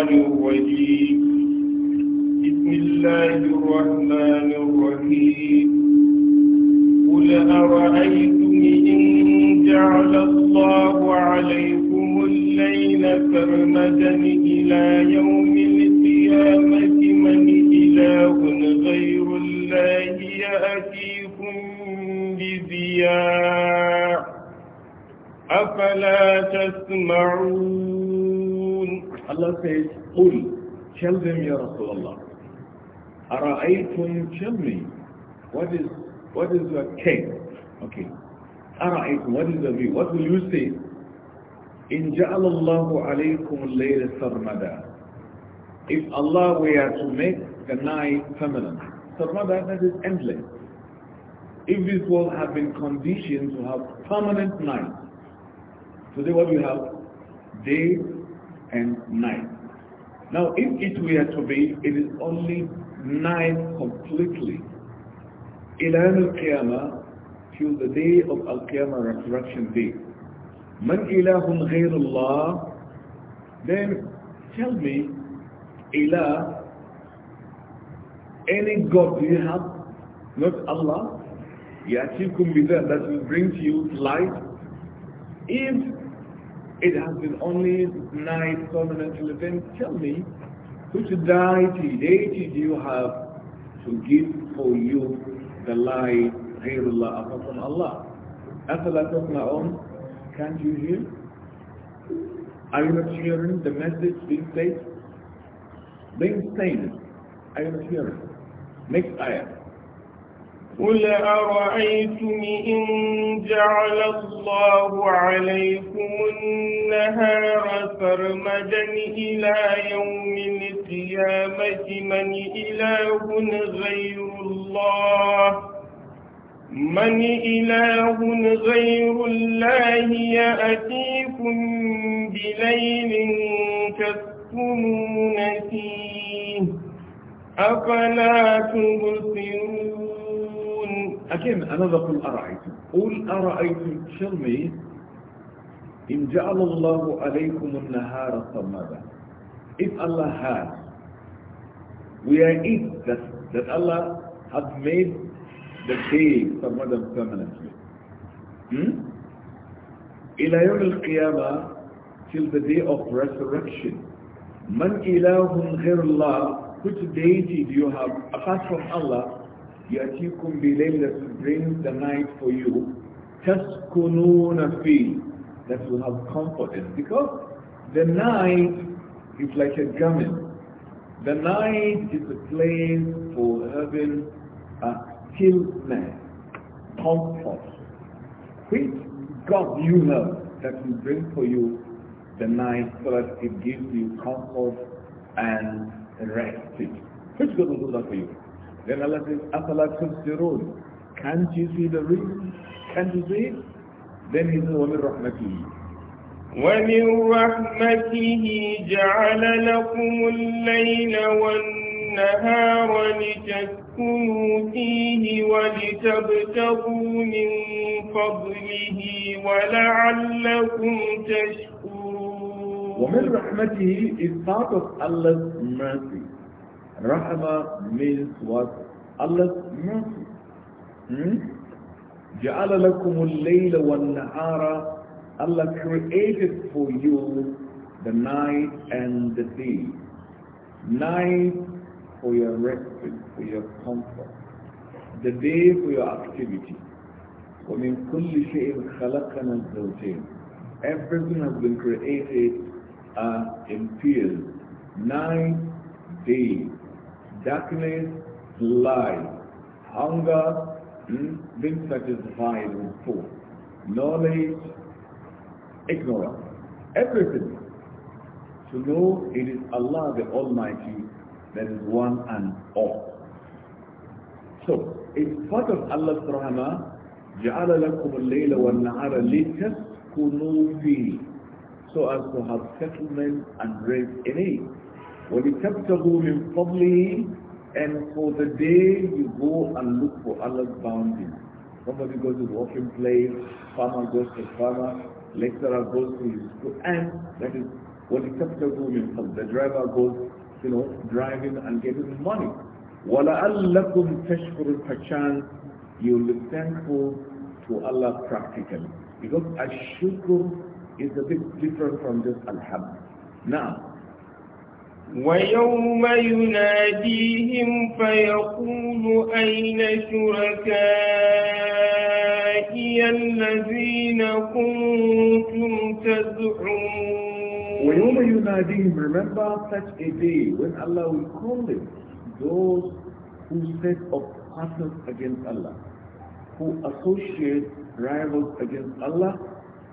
الشيطان الرجيم بسم الله الرحمن الرحيم قل أرأيتم إن جعل الله عليكم الليل سرمدا إلى يوم القيامة من إله غير الله يأتيكم بضياء أفلا تسمعون Allah says, Qul, tell them, Ya Rasulullah. Ara'aytum, tell me, what is, what is your case? Okay. Ara'aytum, what is your view? What will you say? In ja'alallahu alaykum layla sarmada. If Allah were to make the night permanent, sarmada, that is endless. If this world had been conditioned to have permanent night, today what we have? Day and night. Now, if it were to be, it is only night completely. al الْقِيَامَةِ Till the day of Al-Qiyamah Resurrection Day. Man إِلَهٌ غَيْرُ Then tell me, Ilah, Any God do you have? Not Allah? يَأْتِيكُمْ بِذَا That will bring to you light. If it has been only nine covenantal events. Tell me, which deity, deity do you have to give for you the light, ghairullah, apart from Allah? أَفَلَا تَسْمَعُونَ Can't you hear? Are you not hearing the message being said? Being said, are you not hearing? Next ayah. قل أرأيتم إن جعل الله عليكم النهار سرمدا إلى يوم القيامة من إله غير الله من إله غير الله يأتيكم بليل تسكنون فيه أفلا تبصرون Again, another قُلْ أَرَأَيْتُمْ قُلْ أَرَأَيْتُمْ Tell me, إِنْ جَعَلَ اللَّهُ عَلَيْكُمُ النَّهَارَ صَمَّدًا If Allah has, we are it that, that Allah has made the day صَمَّدًا permanently. Hmm? إِلَى يَوْمِ الْقِيَامَةِ Till the day of resurrection. مَنْ إِلَهٌ غَيْرُ اللَّهِ Which deity do you have apart from Allah يأتيكم بليل that will bring the night for you تسكنون feel that will have comfort in because the night is like a garment the night is a place for having a stillness comfort which God you know that will bring for you the night so that it gives you comfort and rest which God will do that for you Then Allah says, أَفَلَا تُبْصِرُونَ Can't you see the reason? Can't you see it? Then He says, وَمِنْ رَحْمَتِهِ ومن رحمته جعل لكم الليل والنهار لتسكنوا فيه ولتبتغوا من فضله ولعلكم تشكرون ومن رحمته is part of Allah's mercy Rahama means what? Allah's mercy. Hmm? جَعَلَ لَكُمُ اللَّيْلَ وَالنَّهَارَ Allah created for you the night and the day. Night for your respite, for your comfort. The day for your activity. وَمِن كُلِّ شَيْءٍ خَلَقَنَا الزَّوْجَيْنِ Everything has been created uh, in pairs. Night, day darkness, light, hunger, hmm, being satisfied with food, knowledge, ignorance, everything. To know it is Allah the Almighty that is one and all. So, it's part of Allah's rahmah, جَعَلَ لَكُمُ اللَّيْلَ وَالنَّهَارَ لِتَسْكُنُوا فِيهِ So as to have settlement and rest in it. وَلِتَبْتَغُوا مِنْ فَضْلِهِ And for the day you go and look for Allah's bounty. Somebody goes to the in place, farmer goes to farmer, lecturer goes to his school, and that is وَلِتَبْتَغُوا مِنْ فَضْلِهِ The driver goes, you know, driving and getting money. وَلَأَلَّكُمْ تَشْكُرُ perchance You'll be thankful to Allah practically. Because ash-shukr is a bit different from just alhamd. Now, ويوم يناديهم فيقول أين شركائي الذين كنتم تزعمون ويوم يناديهم remember such a day when Allah will call them those who set up partners against Allah who associate rivals against Allah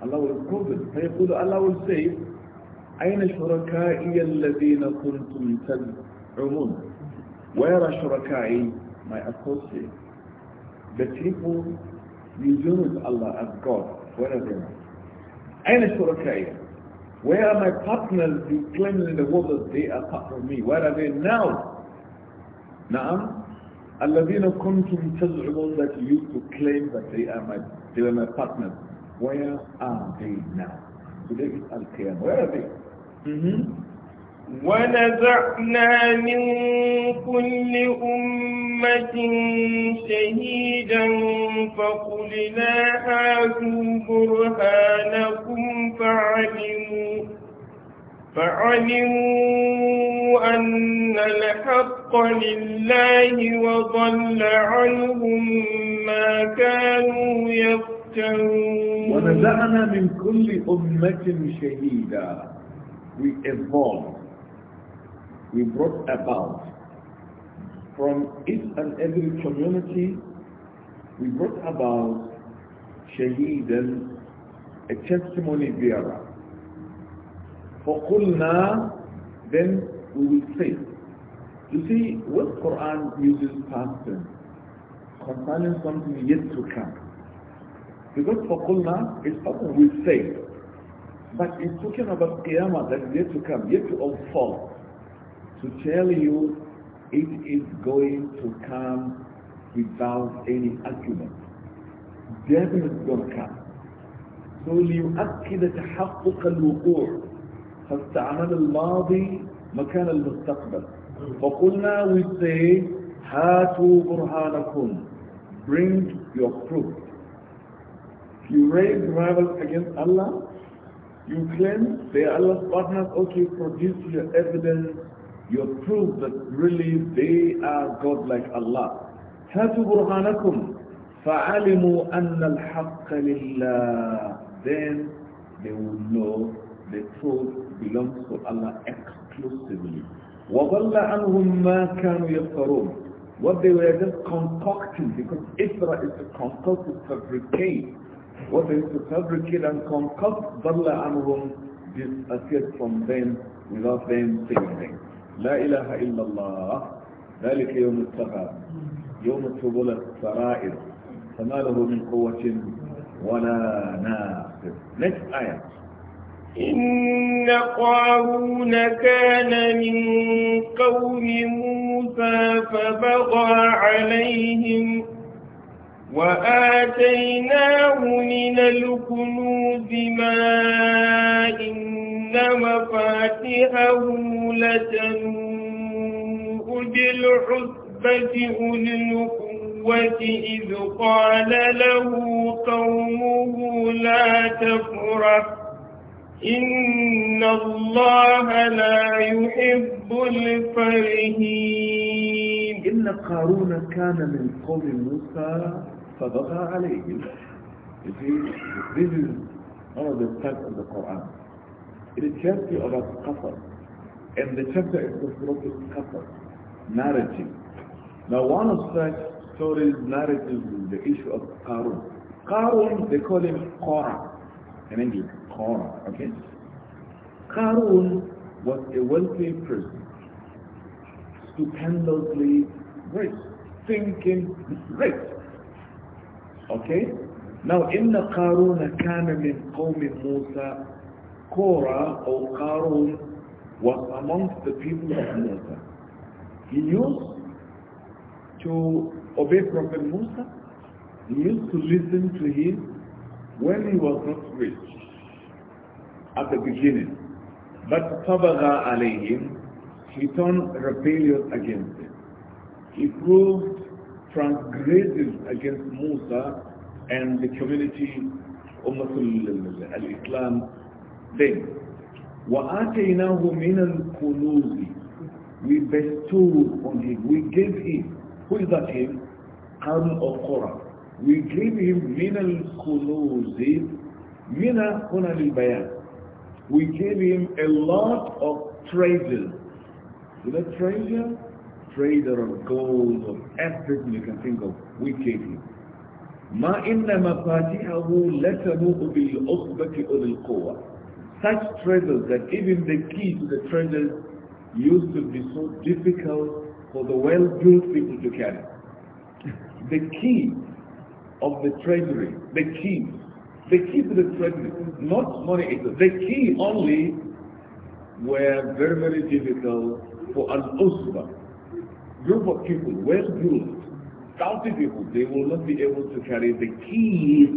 Allah will call them فيقول Allah will say أين شركائي الذين كنتم تدعون Where are شركائي my associates the people you join Allah as God where are they أين شركائي Where are my partners you claim in the world that they are part of me where are they now نعم الذين كنتم تزعمون that you used to claim that they are my they were my partners where are they now today is al-qiyamah where are they ونزعنا من كل أمة شهيدا فقلنا هاتوا برهانكم فعلموا فعلموا أن الحق لله وضل عنهم ما كانوا يفترون ونزعنا من كل أمة شهيدا we evolved, we brought about from each and every community, we brought about shaheedan, a testimony bearer. qulna, Then we will say, you see, what Quran uses tense concerning something yet to come. Because for qulna, it's often we say, but he's talking about Qiyamah that is yet to come, yet to unfold. To tell you it is going to come without any argument. Definitely going to come. So ليؤكد تحقق الوقوع فاستعمل الماضي مكان المستقبل فقلنا we say هاتوا برهانكم bring your proof if you raise rivals against Allah you claim they are Allah's partners, okay, produce your evidence, your proof that really they are God like Allah. هَاتُوا بُرْهَانَكُمْ فَعَلِمُوا أَنَّ الْحَقَّ لِلَّهِ Then they will know the truth belongs to Allah exclusively. وَضَلَّ عَنْهُمْ مَا كَانُوا يَفْتَرُونَ What they were just concocting, because Israel is to concoct, to fabricate, what they used to fabricate and concoct ضل عنهم disappeared from them without them saying anything لا إله إلا الله ذلك يوم التغاب يوم التبول السرائر فما له من قوة ولا ناقص next آية إن قارون كان من قوم موسى فبغى عليهم وآتيناه من الكنوز ما إن مفاتحه لتنوء بالحسبة أولي القوة إذ قال له قومه لا تفرح إن الله لا يحب الفرحين إن قارون كان من قوم موسى فبغى عليهم You see, this is one of the parts of the Quran. It is chapter about kafir. And the chapter is the prophet kafir, narrative. Now one of such stories, narratives is the issue of Qarun. Qarun, they call him Qora. In English, Qora, okay? Qarun was a wealthy person, stupendously rich, thinking rich, okay? Now, in قَارُونَ كَانَ مِنْ قَوْمِ Musa Korah or Karun was amongst the people of Musa. He used to obey Prophet Musa. He used to listen to him when he was not rich at the beginning. But Tabaga alayhim, he turned rebellious against him. He proved transgressive against Musa and the community Ummah al-Islam then. وَآتَيْنَاهُ مِنَ الْكُنُوزِ We bestowed on him, we gave him, who is that him? Qarn of Qura. We gave him مِنَ الْكُنُوزِ مِنَ هُنَا لِلْبَيَانِ We gave him a lot of treasures. Is that treasure? Treasure of gold, of everything you can think of, we gave him. ما إن مفاتيحه لتنوء بالعصبة such treasures that even the key to the treasures used to be so difficult for the well-built people to carry. the key of the treasury, the key, the key to the treasury, not money itself, the key only were very, very difficult for an usba, group of people, well-built, county people, they will not be able to carry the keys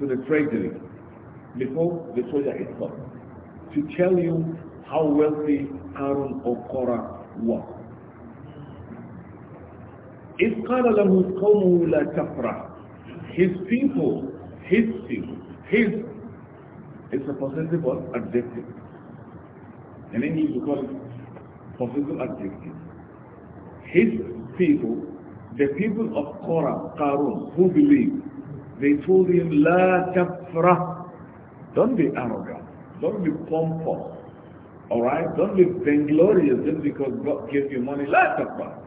to the treasury before the soldier hits them. To tell you how wealthy Aaron or Korah was. إذ His people, his people, his is a possessive or adjective. And then he becomes call it possessive adjective. His people the people of Korah, Karun, who believe, they told him, La kafra. Don't be arrogant. Don't be pompous. Alright? Don't be vainglorious just because God gave you money. La kafra.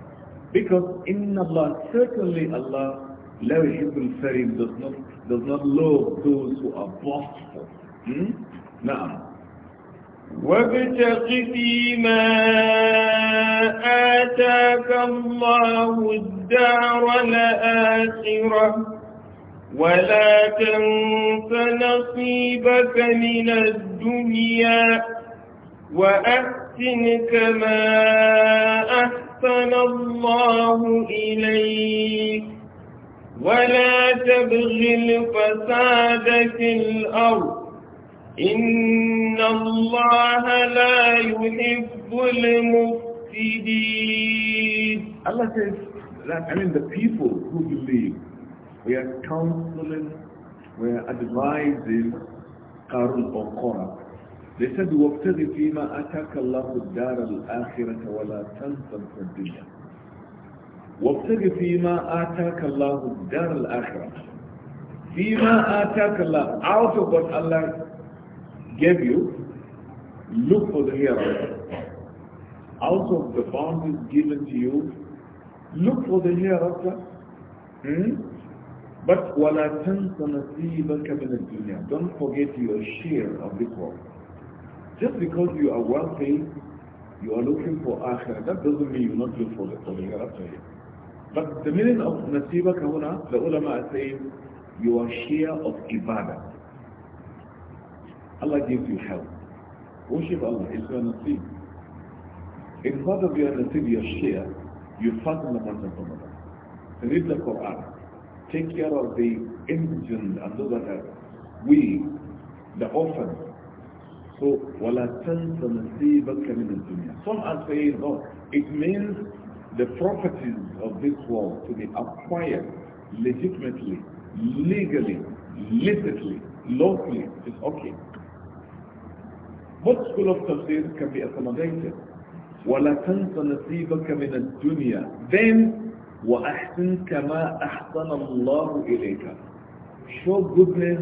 Because in Allah, certainly Allah, La yuhibbul does not, does not love those who are boastful. Hmm? Now, وابتق فيما آتاك الله الدار الآخرة ولا تنف نصيبك من الدنيا وأحسن كما أحسن الله إليك ولا تبغي الفساد في الأرض إن الله لا يحب المفسدين Allah says that, I mean the people who believe we are counseling we are advising Qarun or they said وَابْتَغِ فِيمَا أَتَاكَ اللَّهُ الدَّارَ الْآخِرَةَ وَلَا تَنْسَ الدُّنْيَا وَابْتَغِ فِيمَا آتَاكَ اللَّهُ الدَّارَ الْآخِرَةَ فِيمَا آتَاكَ اللَّهُ out of what Allah gave you, look for the hereafter. Out of the boundaries given to you, look for the hereafter. Hmm? But وَلَا تَنْسَ نَصِيبَكَ مِنَ الدُّنْيَا Don't forget your share of the world. Just because you are wealthy, you are looking for akhirah. That doesn't mean you not look for the, for the hereafter. But the meaning of نَصِيبَكَ هنا, the ulama are saying, your share of ibadah. Allah gives you help. Worship Allah. It's your nasib. In part of your nasib, your share, you fast in the month of Ramadan. Read the Quran. Take care of the indigent and those that are we, the orphans. So, وَلَا تَنْسَ coming مِنَ الدُّنْيَا Some are saying, no, it means the properties of this world to be acquired legitimately, legally, legally, lawfully. It's okay. Much school of tafsir can be accommodated. وَلَا تَنْسَ نَصِيبَكَ مِنَ الدُّنْيَا Then, وَأَحْسِنْ كَمَا أَحْسَنَ اللَّهُ إِلَيْكَ Show goodness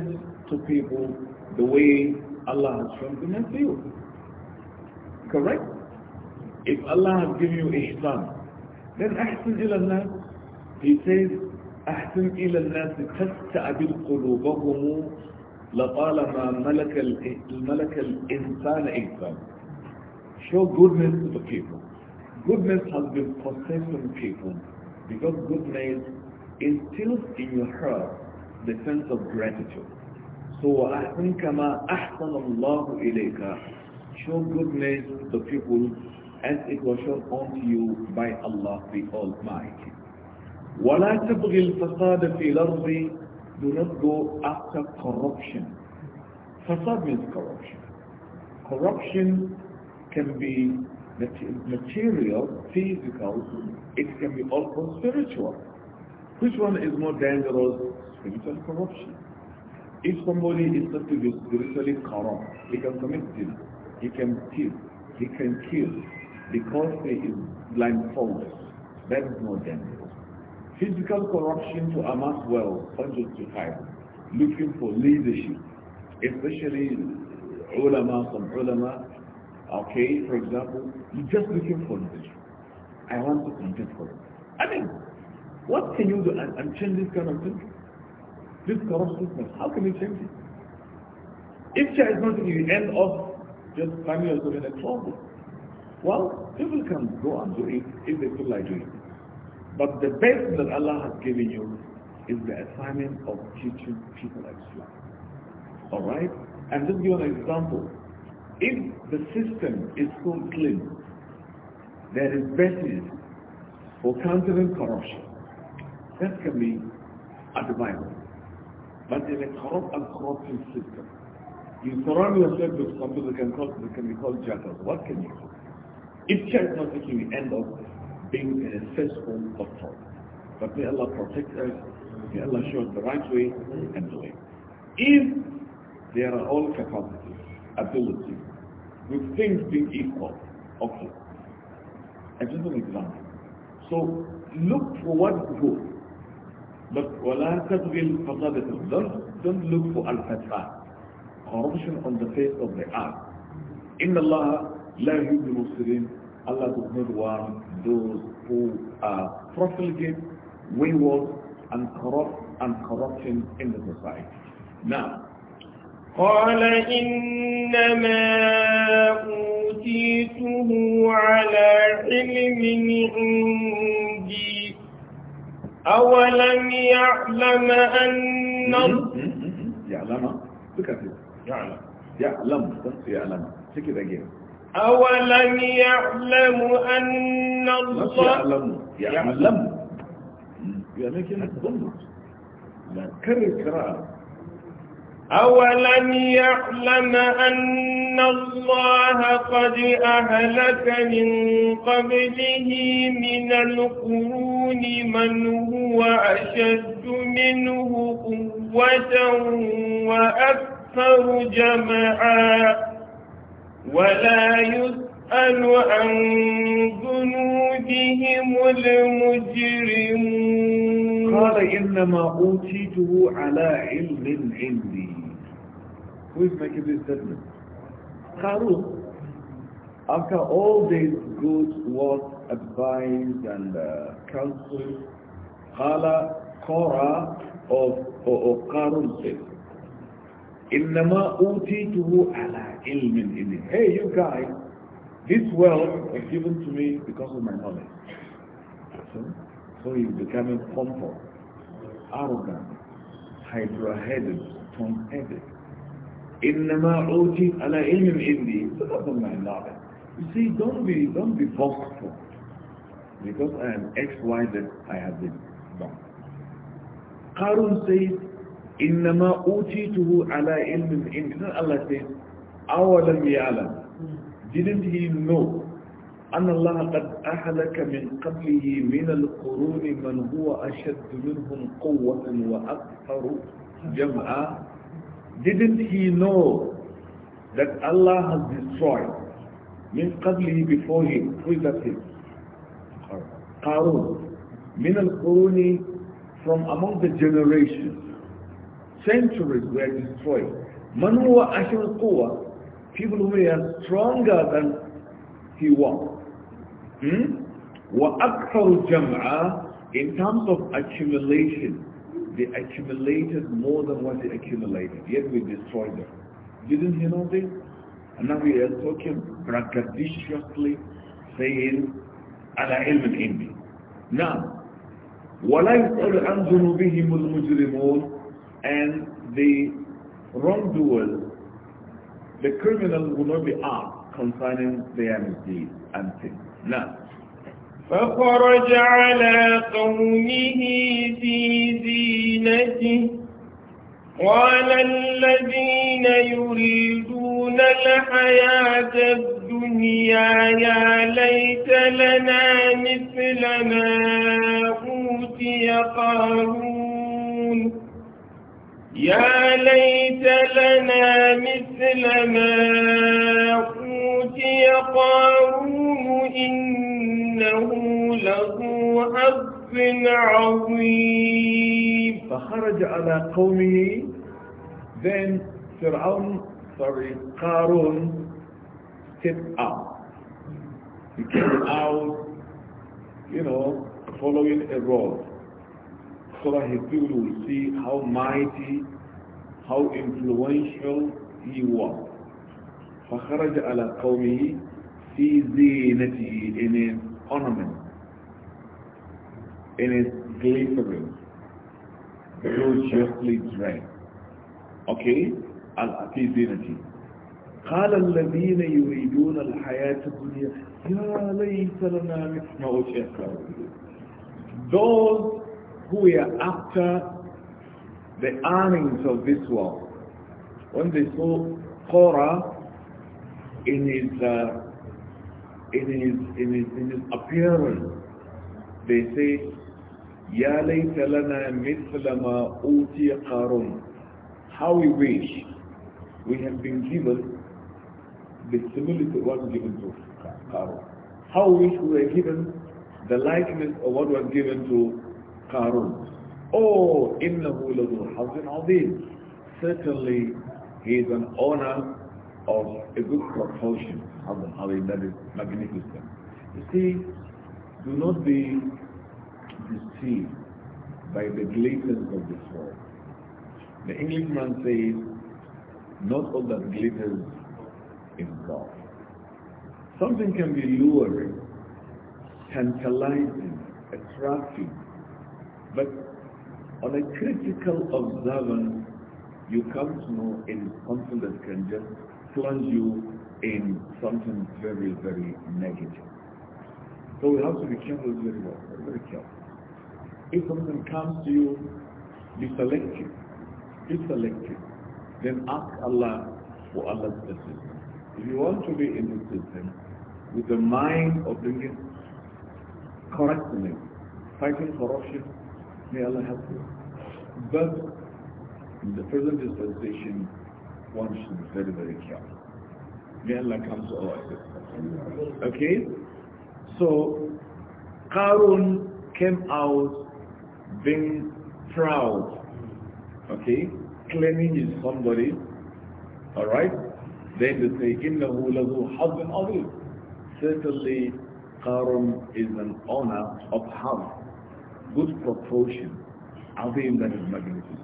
to people the way Allah has shown goodness to you. Correct? If Allah has given you ihsan, then أحسن إلى الناس. He says, أحسن إلى الناس تستعبد قلوبهم لطالما ملك الملك الإنسان إنسان show goodness to the people goodness has been possessing people because goodness instills in your heart the sense of gratitude so وأحسن كما أحسن الله إليك show goodness to the people as it was shown unto you by Allah the Almighty ولا تبغي الفساد في الأرض do not go after corruption. Fasad means corruption. Corruption can be material, physical, it can be also spiritual. Which one is more dangerous? Spiritual corruption. If somebody is said to be spiritually corrupt, he can commit sin, he can steal, he can kill, because he is blindfolded. That is more dangerous physical corruption to amass wealth hundreds to time, looking for leadership, especially ulama, some ulama, okay, for example, you're just looking for leadership. I want to contest for it. I mean, what can you do and, and change this kind of thing? This corrupt how can you change it? If there is nothing, you end up just finding yourself in a trouble. Well, people can go and do it if they feel like doing it. But the best that Allah has given you is the assignment of teaching people Islam. Alright? And just give an example. If the system is so clean, there is basis for countering corruption. That can be admirable. But in a corrupt and corrupting system, you surround yourself with something that can, cause, that can be called jackals. What can you do? If church not taking, the end up being a faithful doctor. But may Allah protect us, may Allah show us the right way and the way. If there are all capacities, abilities, with things being equal, okay. And just an example. So look for what good. But وَلَا تَبْغِي الْفَصَادَةُ don't, don't look for al-fatah, corruption on the face of the earth. إِنَّ اللَّهَ لَا يُبْلِ Allah does not want those who are profligate, wayward, and corrupt and corruption in the society. Now, قال إنما أوتيته على علم عندي أولم يعلم أن يعلم يعلم يعلم يعلم يعلم take it again أولم يعلم أن الله يعلم يعلم يعني يعلم يعلم كرر كرار أولم يعلم أن الله قد أهلك من قبله من القرون من هو أشد منه قوة وأكثر جمعا ولا يسأل عن ذنوبهم المجرمون قال إنما أوتيته على علم عندي Who is making this statement? Karun. After all this good work, advice and uh, counsel, Kala Korah of, of, of Karun said, إنما أوتيته على علم إني Hey you guys, this wealth was given to me because of my knowledge. So, so he's becoming pompous, arrogant, hydra-headed, tongue-headed. إنما أوتيت على علم إني because of my knowledge. You see, don't be, don't be boastful. Because I am that I have been born. Karun says, innama utituhu ala ilmin in Allah says awalam ya'lam didn't he know أن الله min أهلك من قبله من القرون من هو أشد منهم قوة وأكثر جمعا Didn't he know that Allah has destroyed من قبله before him قارون من القرون from among the generations centuries were destroyed. Man were ashul people who were stronger than he was. Hmm? وَأَكْثَرُ jam'a In terms of accumulation, they accumulated more than what they accumulated, yet we destroyed them. Didn't you know this? And now we are talking braggadociously, saying, على علم عندي. Now, ولا يسأل عن ذنوبهم المجرمون and the wrongdoers, the criminals will not be asked concerning their misdeeds and things. Now, فخرج على قومه في زينته قال الذين يريدون الحياة الدنيا يا ليت لنا مثل ما أوتي قارون يا ليت لنا مثل ما أوتي قارون إنه له حظ عظيم فخرج على قومه then فرعون sorry قارون stepped out he came out you know following a road so that his people will see how mighty how influential he was فخرج على قومه في زينته in his ornament in his glittering gorgeously dressed okay في زينته قال الذين يريدون الحياة الدنيا يا لنا مثل ما those who are after the earnings of this world. When they saw Korah in his, uh, in his, in his, in his appearance, they say, "Ya ليت لنا مثل ما Qarun." How we wish we have been given the similitude of what was given to Qarun. How we wish we were given the likeness of what was given to Qarun. Oh, إِنَّهُ لَذُو حَظٍ عَظِيمٍ Certainly, he is an owner of a good proportion, حَظٍ عَظِيمٍ, that is magnificent. You see, do not be deceived by the glitters of this world. The Englishman says, not all that glitters is gold. Something can be luring, tantalizing, attractive, but on a critical observance, you come to know in something that can just plunge you in something very, very negative. So we have to be careful very well, very, very careful. If something comes to you, be selective. Be selective. Then ask Allah for Allah's assistance. If you want to be in this system with the mind of bringing correctness, fighting corruption, May Allah help you. But in the present dispensation, one should be very, very careful. May Allah come to our assistance. Okay? So, Karun came out being proud. Okay? Claiming he's somebody. Alright? Then they say, إِنَّهُ لَهُ حَظٍ عَظِيمٍ Certainly, Karun is an honor of house good proportion they in his magnitude.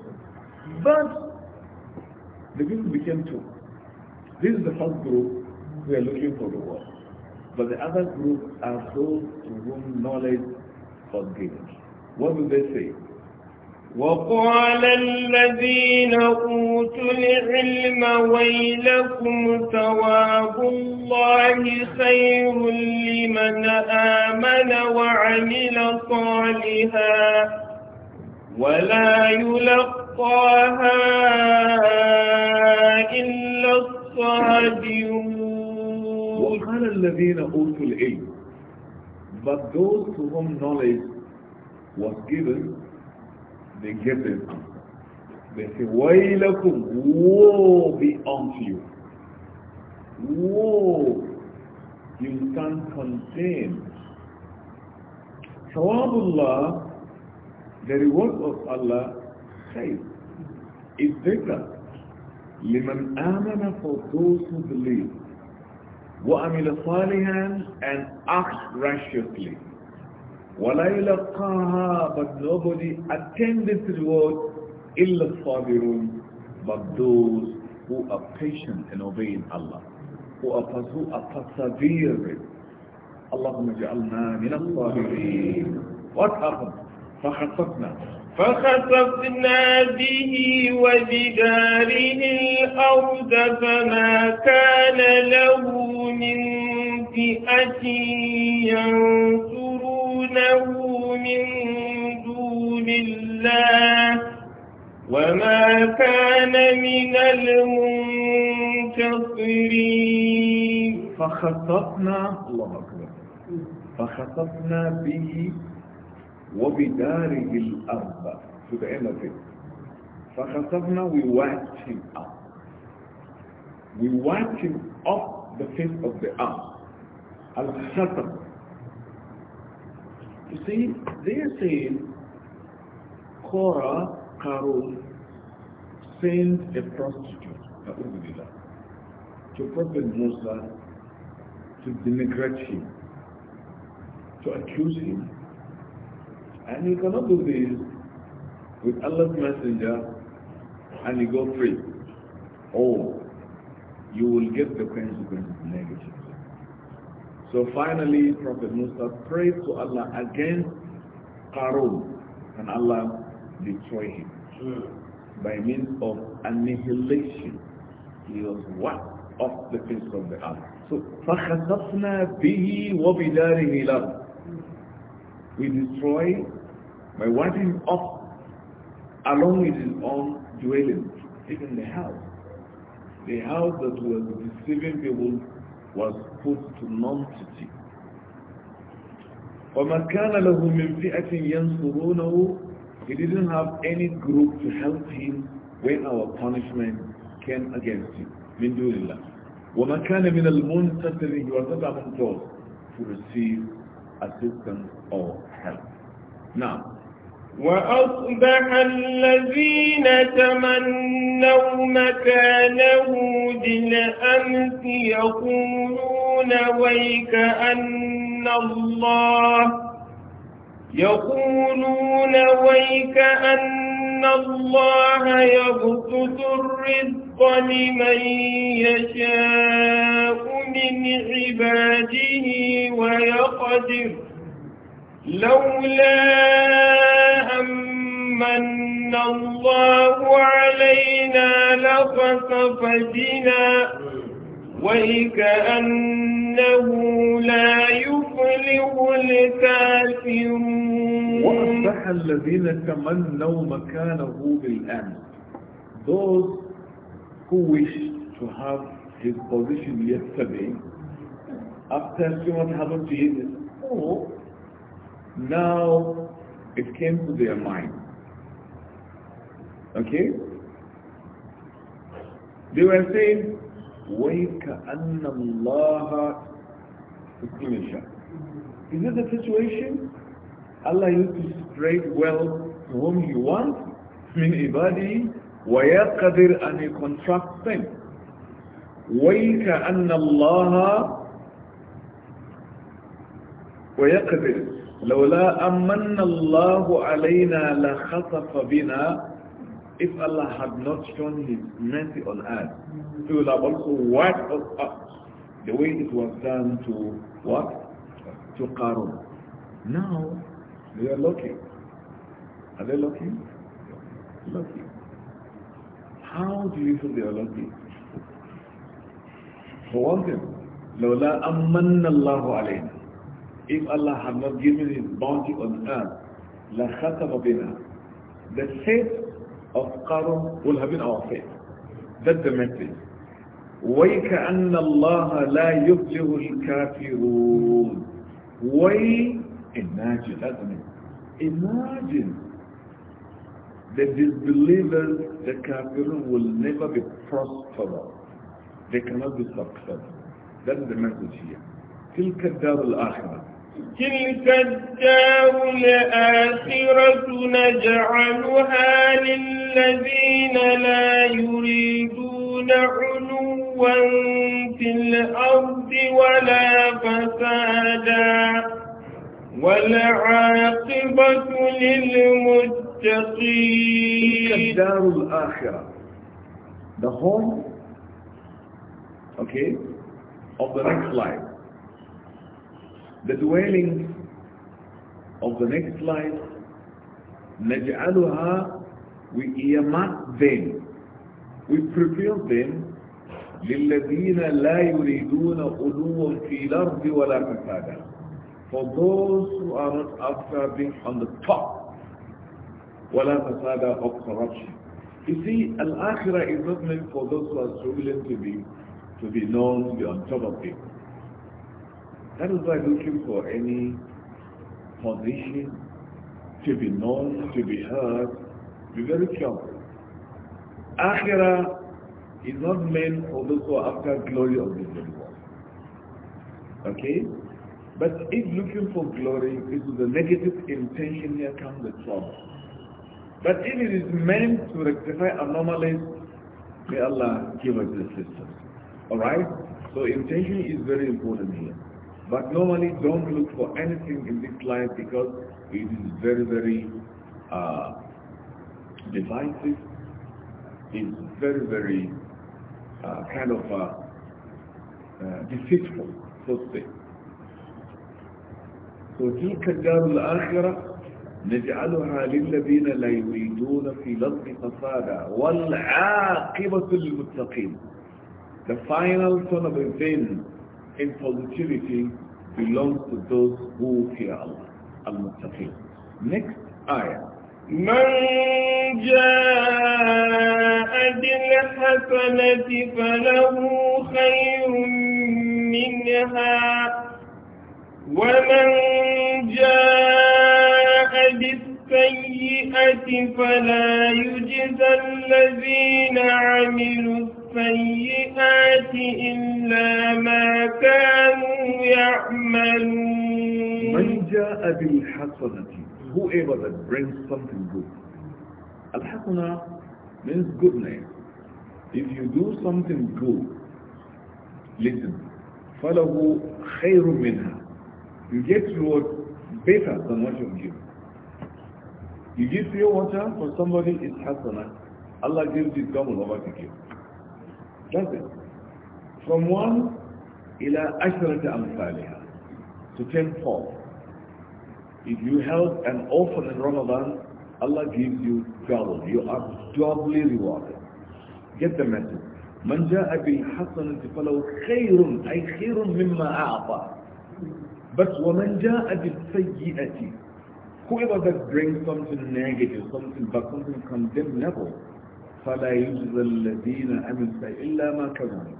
But the people became two. This is the first group we are looking for the world. But the other group are those to whom knowledge was given. What do they say? وقال الذين أوتوا العلم ويلكم ثواب الله خير لمن آمن وعمل صالحا ولا يلقاها إلا الصادقون وقال الذين أوتوا العلم But those to whom knowledge was given they get them. They say, "Why Wailakum, woe be unto you. Woe, you can contain?" So, Sawabullah, the reward of Allah, says, is better. لمن آمن for those who believe وعمل صالحا and act righteously ولا يلقاها but nobody attended to the word إلا الصابرون but those who are patient in obeying Allah who are, who are persevering اللهم اجعلنا من الصابرين what happened فخطفنا فخسفنا به وبداره الأرض فما كان له من فئة ينصر يدعونه من دون الله وما كان من المنتصرين فخطفنا الله أكبر فخطفنا به وبداره الأرض to فيه فخطفنا we wiped him up we wiped him up the face of the earth الخطف You see, they're saying Korah, Karun, sent a prostitute to Prophet Musa to denigrate him, to accuse him. And you cannot do this with Allah's messenger and you go free. Or you will get the consequences negative. So finally, Prophet Musa prayed to Allah against Qarun, and Allah destroyed him mm. by means of annihilation. He was wiped off the face of the earth. So, فَخَسَفْنَا بِهِ وَبِدَارِهِ الْأَرْضِ We destroy by wiping off along with his own dwelling, even the house. The house that was deceiving people was put to non-pity. وَمَا He didn't have any group to help him when our punishment came against him. مِنْ دُونِ اللَّهِ وَمَا كَانَ He was not among those to receive assistance or help. Now, وأصبح الذين تمنوا مكانه بالأمس يقولون ويك أن الله يقولون ويك أن الله يبسط الرزق لمن يشاء من عباده ويقدر لولا أمن الله علينا لخسف بنا وكأنه لا يفلح الكافرون وأصبح الذين تمنوا مكانه بالآن those who wish to have his position yesterday after seeing what happened to him oh now It came to their mind. Okay? They were saying, وَيْكَأَنَّ اللَّهَ Exclamation. Is this the situation? Allah used to spread wealth to whom He wants, min ibadi, وَيَقَدِرْ أَنْ يَكُنْ things. وَيْكَأَنَّ اللَّهَ وَيَقْدِرْ لولا أمن الله علينا لخطف بنا if Allah had not shown his mercy on us he would have also wiped us up the way it was done to what? to Qarun now they are lucky are they lucky? lucky how do you feel they are lucky? for one thing لولا أمن الله علينا If Allah had not given His bounty on earth, لَخَسَمَ بِنَا The fate of Qarun will have been our fate. That's the message. وَيْكَأَنَّ اللَّهَ لَا يُفْلِهُ الْكَافِرُونَ Way, imagine, that's the name. Imagine the disbelievers, the kafirun will never be prosperous. They cannot be successful. That is the message here. تلك الدار الآخرة تلك الدار الآخرة نجعلها للذين لا يريدون علوا في الأرض ولا فسادا والعاقبة للمتقين تلك الدار الآخرة The home, okay, of the next life. the dwelling of the next life نجعلها we earmark them we prepare them للذين لا يريدون علوا في الأرض ولا فسادا for those who are not after being on the top ولا فسادا of corruption you see al-akhirah is not meant for those who are struggling to be to be known to be on top of people that is why looking for any position to be known, to be heard, be very careful. Akhirah is not meant for those who are after glory of the world. Okay? But if looking for glory is with a negative intention, here comes the trouble. But if it is meant to rectify anomalies, may Allah give us the system. Alright? So intention is very important here. But normally don't look for anything in this life because it is very, very uh, divisive. It's very, very uh, kind of uh, uh, deceitful, so to say. So تلك الدار الآخرة نجعلها للذين لا يريدون في لفظ فسادا والعاقبة للمتقين The final son of film. in positivity belongs to those who fear Allah, al-muttaqin. Next ayah. من جاء بالحسنة فله خير منها ومن جاء بالسيئة فلا يجزى الذين عملوا السيئات إلا ما كانوا يعملون من جاء بالحسنة whoever that brings something good الحسنة means goodness if you do something good listen فله خير منها you get reward better than what you give you give pure water for somebody it's hasanah Allah gives you double over to give From one ila al amsalha to tenfold. If you help an orphan in Ramadan, Allah gives you double. You are doubly rewarded. Get the message. من جاء بالحسنة فله خير أي خير مما أعطى but ومن جاء بالسيئة whoever that brings something negative something but something condemnable فَلَا يُجْزَ الَّذِينَ أَمِنْتَ إِلَّا مَا كَذَنُوا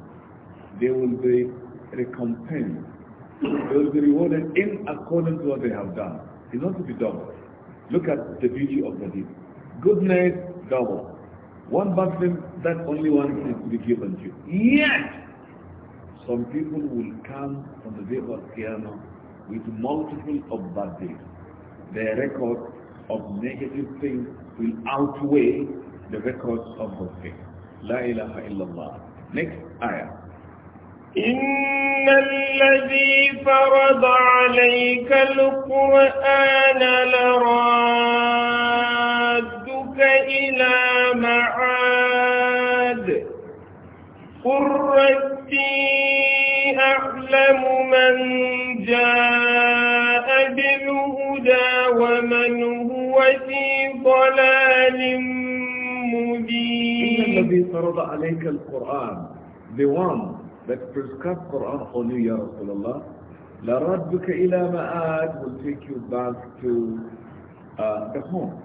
They will be recompensed. They will be rewarded in accordance to what they have done. It's not to be double. Look at the beauty of the deed. Goodness, double. One bathroom, that only one is to be given to you. Yet, some people will come on the day of Qiyamah with multiple of bad deeds. Their record of negative things will outweigh the records of the faith. La ilaha illallah. Next ayah. آية. إن الذي فرض عليك القرآن لرادك إلى معاد قل ربي أعلم من جاء بالهدى ومن هو في ضلال فرض عليك القرآن the one that prescribed Quran on you يا رسول الله لردك إلى مَعَادٍ will take you back to uh, the home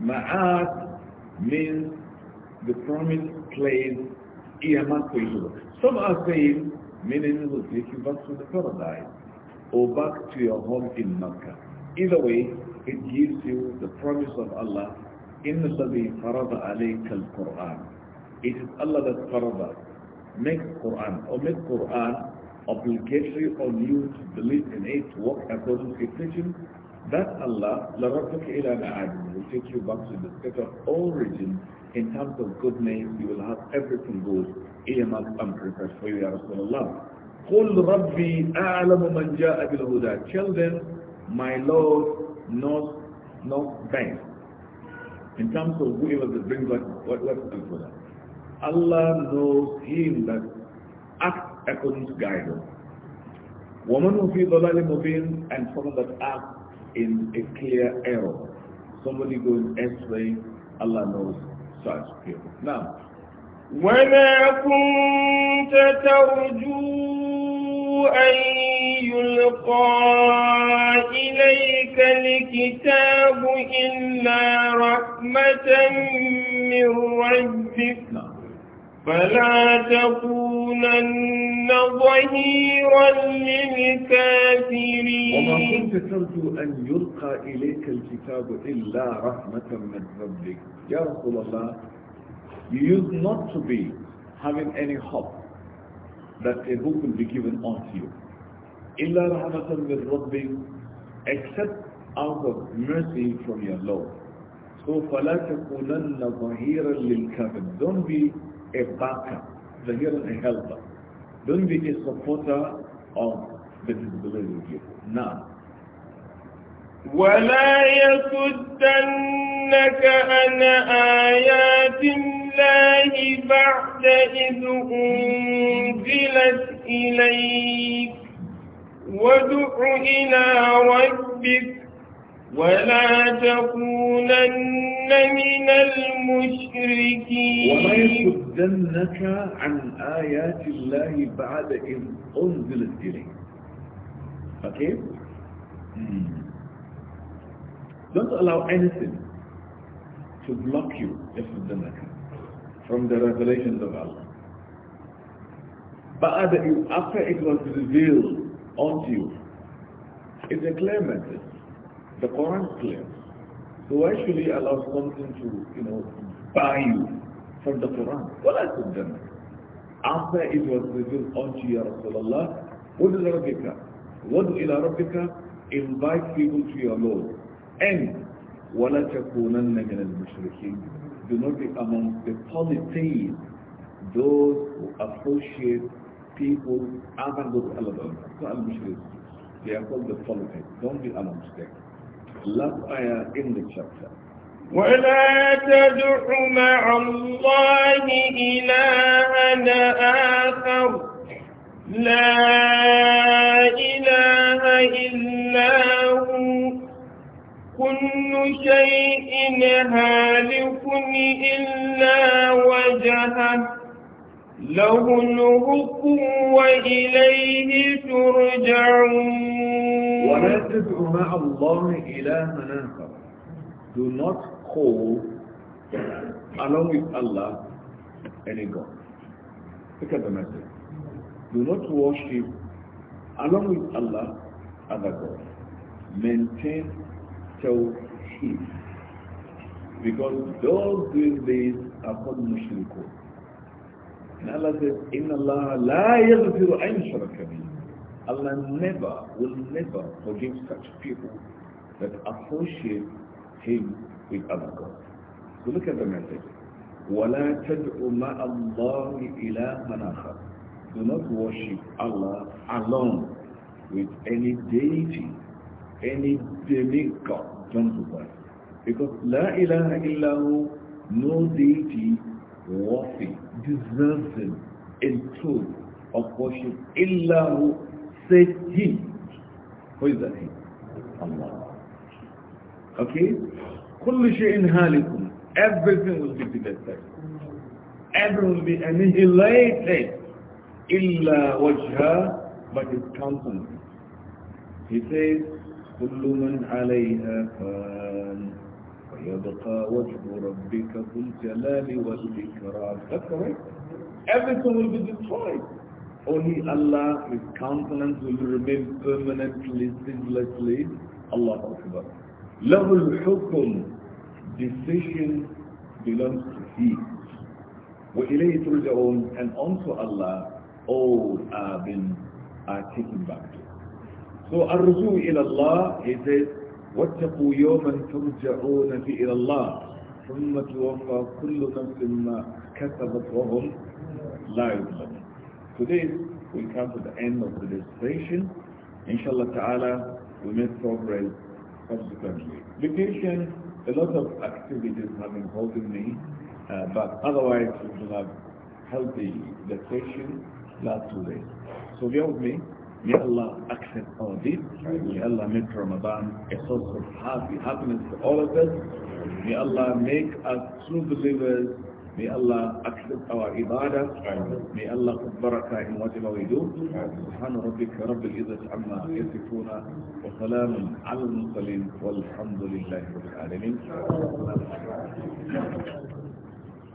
معاد means the promised place earmarked for some are saying meaning will take you back to the paradise or back to your home in Mecca either way it gives you the promise of Allah إن الذي فرض عليك القرآن it is Allah that farada. Make Quran or make Quran obligatory on you to believe in it, to walk according to teaching, That Allah, لَرَبَّكَ إِلَىٰ مَعَادٍ will take you back to the state of origin in terms of good name. You will have everything good, earmarked and prepared for you, Ya Rasulullah. قُلْ رَبِّي أَعْلَمُ مَنْ جَاءَ بِالْهُدَىٰ Tell them, my Lord knows not best in terms of whoever that brings what, what, what is good for them. Allah knows him that acts according to guidance. Woman who feels ضَلَالٍ moving and someone that acts in a clear error. Somebody goes astray, Allah knows such people. Now, وما كنت ترجو أن يلقى إليك الكتاب إلا رحمة من ربك فلا تكونن ظهيرا للكافرين وما كنت ترجو أن يلقى إليك الكتاب إلا رحمة من ربك يا رسول الله you used not to be having any hope that a book will be given unto you إلا رحمة من ربك except out of mercy from your Lord so فلا تكونن ظهيرا للكافر don't be a backer, the hero a helper. Don't be a supporter of the disbelieving. Now, ولا يصدنك عن آيات الله بعد إذ أنزلت إليك وادع إلى ربك ولا تكونن من المشركين ولا يصدنك عن آيات الله بعد إن أنزلت إليك Okay? Hmm. Don't allow anything to block you from the revelations of Allah. But after it was revealed unto you, it's a clear message. The Quran is clear. So why should we allow something to, you know, buy you from the Quran? Well, I said them. After it was revealed unto you, Ya Rasulullah, what is Arabica? What is Arabica? Invite people to your Lord. And, وَلَا تَكُونَنَّ مِنَ الْمُشْرِكِينَ Do not be among the polytheists, those who associate people other than Allah. So al Mushrikeen, they are called the polytheists. Don't be amongst them. last ayah in ولا تدع مع الله إلها آخر لا إله إلا هو كل شيء هالك إلا وجهه له الحكم وإليه ترجعون ولا تدعو مع الله إلها آخر do not call along with Allah any God look at the message do not worship along with Allah other God maintain tawheed because those doing this are called mushrikun and Allah says إن الله لا يغفر أن شرك به Allah never will never forgive such people that associate him with other gods. So look at the message. وَلَا تَدْعُ مَا اللَّهِ إِلَىٰ مَنَاخَرٍ Do not worship Allah alone with any deity, any demigod. Don't do that. Because La ilaha illahu, no deity worthy, deserving, in truth of worship illahu said he. Who is that he? Allah. Okay? كل شيء هالك. Everything will be devastated. Everything will be annihilated. إلا وجهه but his countenance. He says, كل من عليها فان ويبقى وجه ربك ذو الجلال والإكرام. That's correct. Everything will be destroyed. Only Allah, His countenance will remain permanently, sinlessly. Allah Akbar. Lahul hukum, decision belongs to He. وَإِلَيْهِ تُرْجَعُونَ And unto Allah, all are been are taken back to. So الرجوع ila Allah. He says, وَاتَّقُوا يَوْمًا تُرْجَعُونَ فِي إِلَى اللَّهِ ثم توفى كل نفس ما كسبت وهم لا يظلمون Today we come to the end of the discussion. Inshallah ta'ala, we make progress subsequently. Vacation, a lot of activities have been holding me, uh, but otherwise we will have healthy vacation last two days. So bear with me. May Allah accept our deeds. May Allah make Ramadan a source of happy happiness for all of us. May Allah make us true believers mai Allah a tsawa ibada mai Allah baraka in wata mawaido hannun rabbika rabbil izzati amma ya tafuna wa salamun al-mursalin walhamdulillahi rabbil alamin